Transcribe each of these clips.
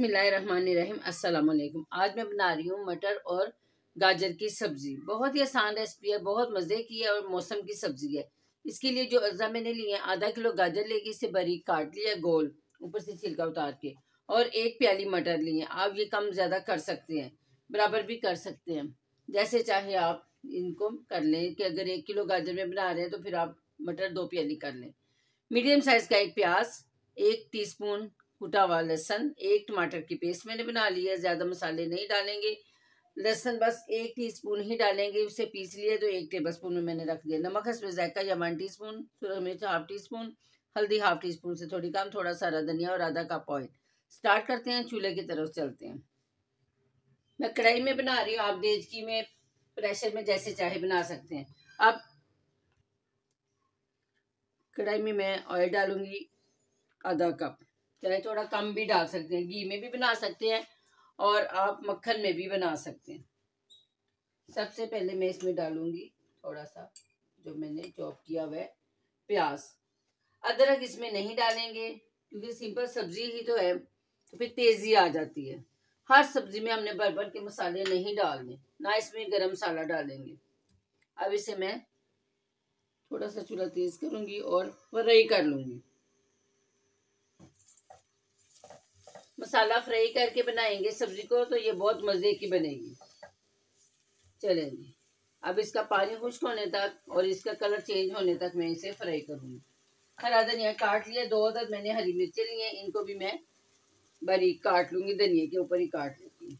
बिसमीम् अल्लाम आज मैं बना रही हूँ मटर और गाजर की सब्ज़ी बहुत ही आसान रेसिपी है बहुत मज़े की है और मौसम की सब्ज़ी है इसके लिए जो अज्जा मैंने लिए आधा किलो गाजर लेके इसे बारीक काट लिया गोल ऊपर से छिलका उतार के और एक प्याली मटर लिए आप ये कम ज़्यादा कर सकते हैं बराबर भी कर सकते हैं जैसे चाहे आप इनको कर लें कि अगर एक किलो गाजर में बना रहे हैं तो फिर आप मटर दो प्याली कर लें मीडियम साइज़ का एक प्याज एक टीस्पून कुटा हुआ लहसन एक टमाटर की पेस्ट मैंने बना लिया ज़्यादा मसाले नहीं डालेंगे लहसन बस एक टीस्पून ही डालेंगे उसे पीस लिया तो एक टेबल स्पून में मैंने रख दिया नमक हसब जायका या वन टी स्पून सूरज मिर्च हाफ टी स्पून हल्दी हाफ टी स्पून से थोड़ी कम थोड़ा सारा धनिया और आधा कप ऑयल स्टार्ट करते हैं चूल्हे की तरफ चलते हैं मैं कढ़ाई में बना रही हूँ आप देज की में प्रेशर में जैसे चाहे बना सकते हैं अब कढ़ाई में मैं ऑयल डालूंगी आधा कप चाहे थोड़ा कम भी डाल सकते हैं घी में भी बना सकते हैं और आप मक्खन में भी बना सकते हैं सबसे पहले मैं इसमें डालूंगी थोड़ा सा जो मैंने चॉप किया हुआ है प्याज अदरक इसमें नहीं डालेंगे क्योंकि सिंपल सब्जी ही तो है तो फिर तेज़ी आ जाती है हर सब्जी में हमने भर भर के मसाले नहीं डालने ना इसमें गरम मसाला डालेंगे अब इसे मैं थोड़ा सा चूल्हा तेज़ करूंगी और फ्राई कर लूंगी मसाला फ्राई करके बनाएंगे सब्जी को तो ये बहुत मज़े की बनेगी चलेंगे अब इसका पानी खुश्क होने तक और इसका कलर चेंज होने तक मैं इसे फ्राई करूँगी हरा धनिया काट लिया दो अदर मैंने हरी मिर्चें ली हैं इनको भी मैं बारीक काट लूँगी धनिया के ऊपर ही काट लेती हूँ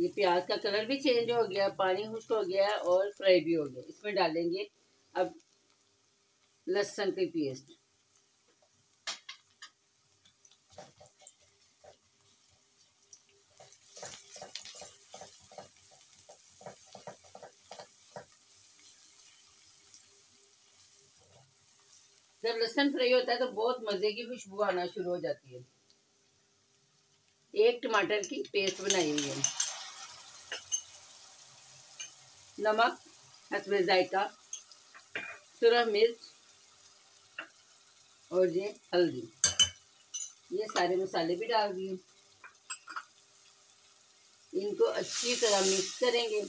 ये प्याज का कलर भी चेंज हो गया पानी खुश्क हो गया और फ्राई भी हो गया इसमें डालेंगे अब लहसुन की पेस्ट जब लहसन फ्राई होता है तो बहुत मज़े की खुशबू आना शुरू हो जाती है एक टमाटर की पेस्ट बनाई हुई है नमक हसब जायका सुरह मिर्च और ये हल्दी ये सारे मसाले भी डाल दिए इनको अच्छी तरह मिक्स करेंगे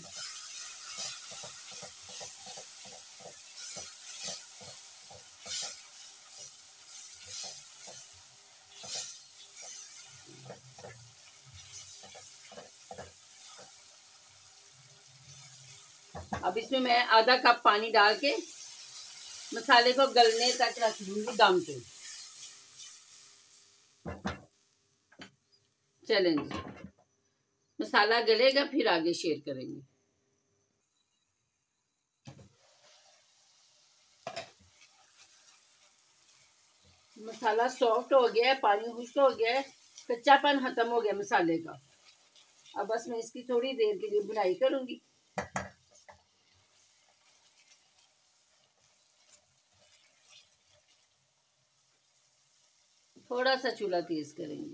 अब इसमें मैं आधा कप पानी डाल के मसाले को गलने तक रख दूंगी दम पे चलें मसाला गलेगा फिर आगे शेयर करेंगे मसाला सॉफ्ट हो गया है पानी खुश्क हो गया है कच्चापन खत्म हो गया मसाले का अब बस मैं इसकी थोड़ी देर के लिए बुनाई करूंगी थोड़ा सा चूल्हा तेज करेंगे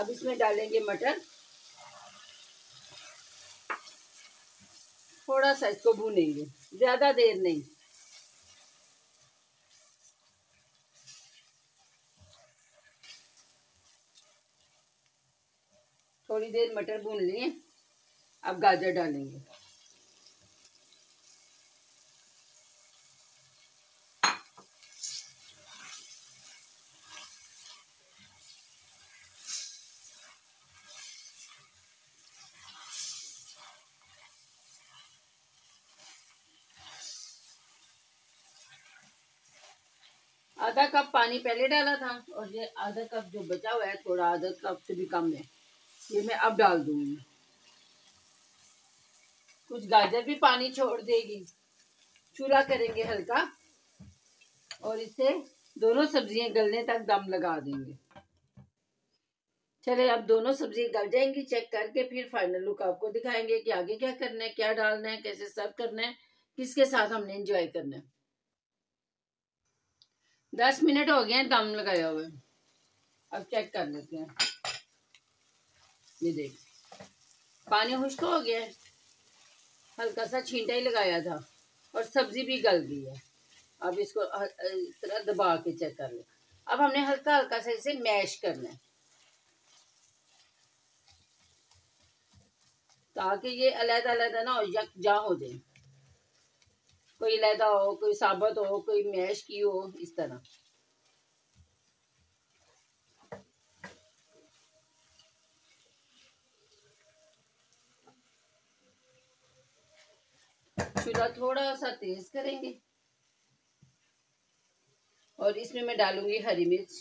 अब इसमें डालेंगे मटर थोड़ा सा इसको भूनेंगे ज़्यादा देर नहीं थोड़ी देर मटर भून लिए अब गाजर डालेंगे आधा कप पानी पहले डाला था और ये आधा कप जो बचा हुआ है थोड़ा आधा कप से भी कम है ये मैं अब डाल दूंगी कुछ गाजर भी पानी छोड़ देगी चूल्हा करेंगे हल्का और इसे दोनों सब्जियां गलने तक दम लगा देंगे चले अब दोनों सब्जियां गल जाएंगी चेक करके फिर फाइनल लुक आपको दिखाएंगे कि आगे क्या करना है क्या डालना है कैसे सर्व करना है किसके साथ हमने इंजॉय करना है दस मिनट हो गए दम लगाया हुआ अब चेक कर लेते हैं ये देख पानी खुश्क हो गया है हल्का सा छींटा ही लगाया था और सब्ज़ी भी गल गई है अब इसको इस तरह दबा के चेक कर लें अब हमने हल्का हल्का सा इसे मैश करना है ताकि ये अलहदा अलहदा ना हो जा हो जाए कोई अलहदा हो कोई साबत हो कोई मैश की हो इस तरह चूल्हा थोड़ा सा तेज करेंगे और इसमें मैं डालूंगी हरी मिर्च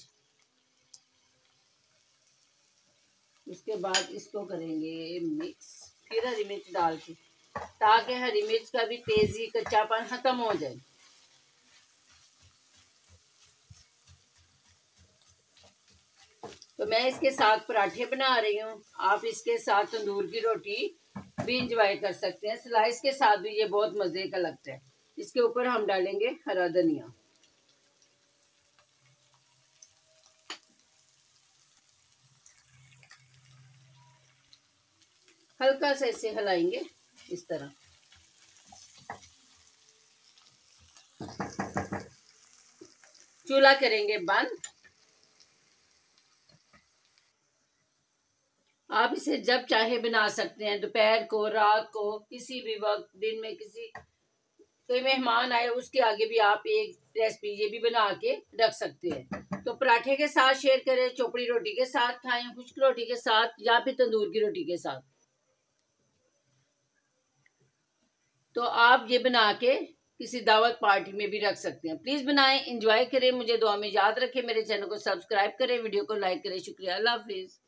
उसके बाद इसको करेंगे मिक्स फिर हरी मिर्च डाल के ताकि हरी मिर्च का भी तेजी कच्चापन खत्म हो जाए तो मैं इसके साथ पराठे बना रही हूँ आप इसके साथ तंदूर की रोटी भी इंजॉय कर सकते हैं स्लाइस के साथ भी ये बहुत मज़े का लगता है इसके ऊपर हम डालेंगे हरा धनिया हल्का सा इसे हलाएंगे इस तरह चूल्हा करेंगे बंद आप इसे जब चाहे बना सकते हैं दोपहर को रात को किसी भी वक्त दिन में किसी कोई मेहमान आए उसके आगे भी आप एक रेसिपी ये भी बना के रख सकते हैं तो पराठे के साथ शेयर करें चोपड़ी रोटी के साथ खाएं खुश्क रोटी के साथ या फिर तंदूर की रोटी के साथ तो आप ये बना के किसी दावत पार्टी में भी रख सकते हैं प्लीज़ बनाएं एंजॉय करें मुझे दुआ में याद रखें मेरे चैनल को सब्सक्राइब करें वीडियो को लाइक करें शुक्रिया अल्लाह हाफिज़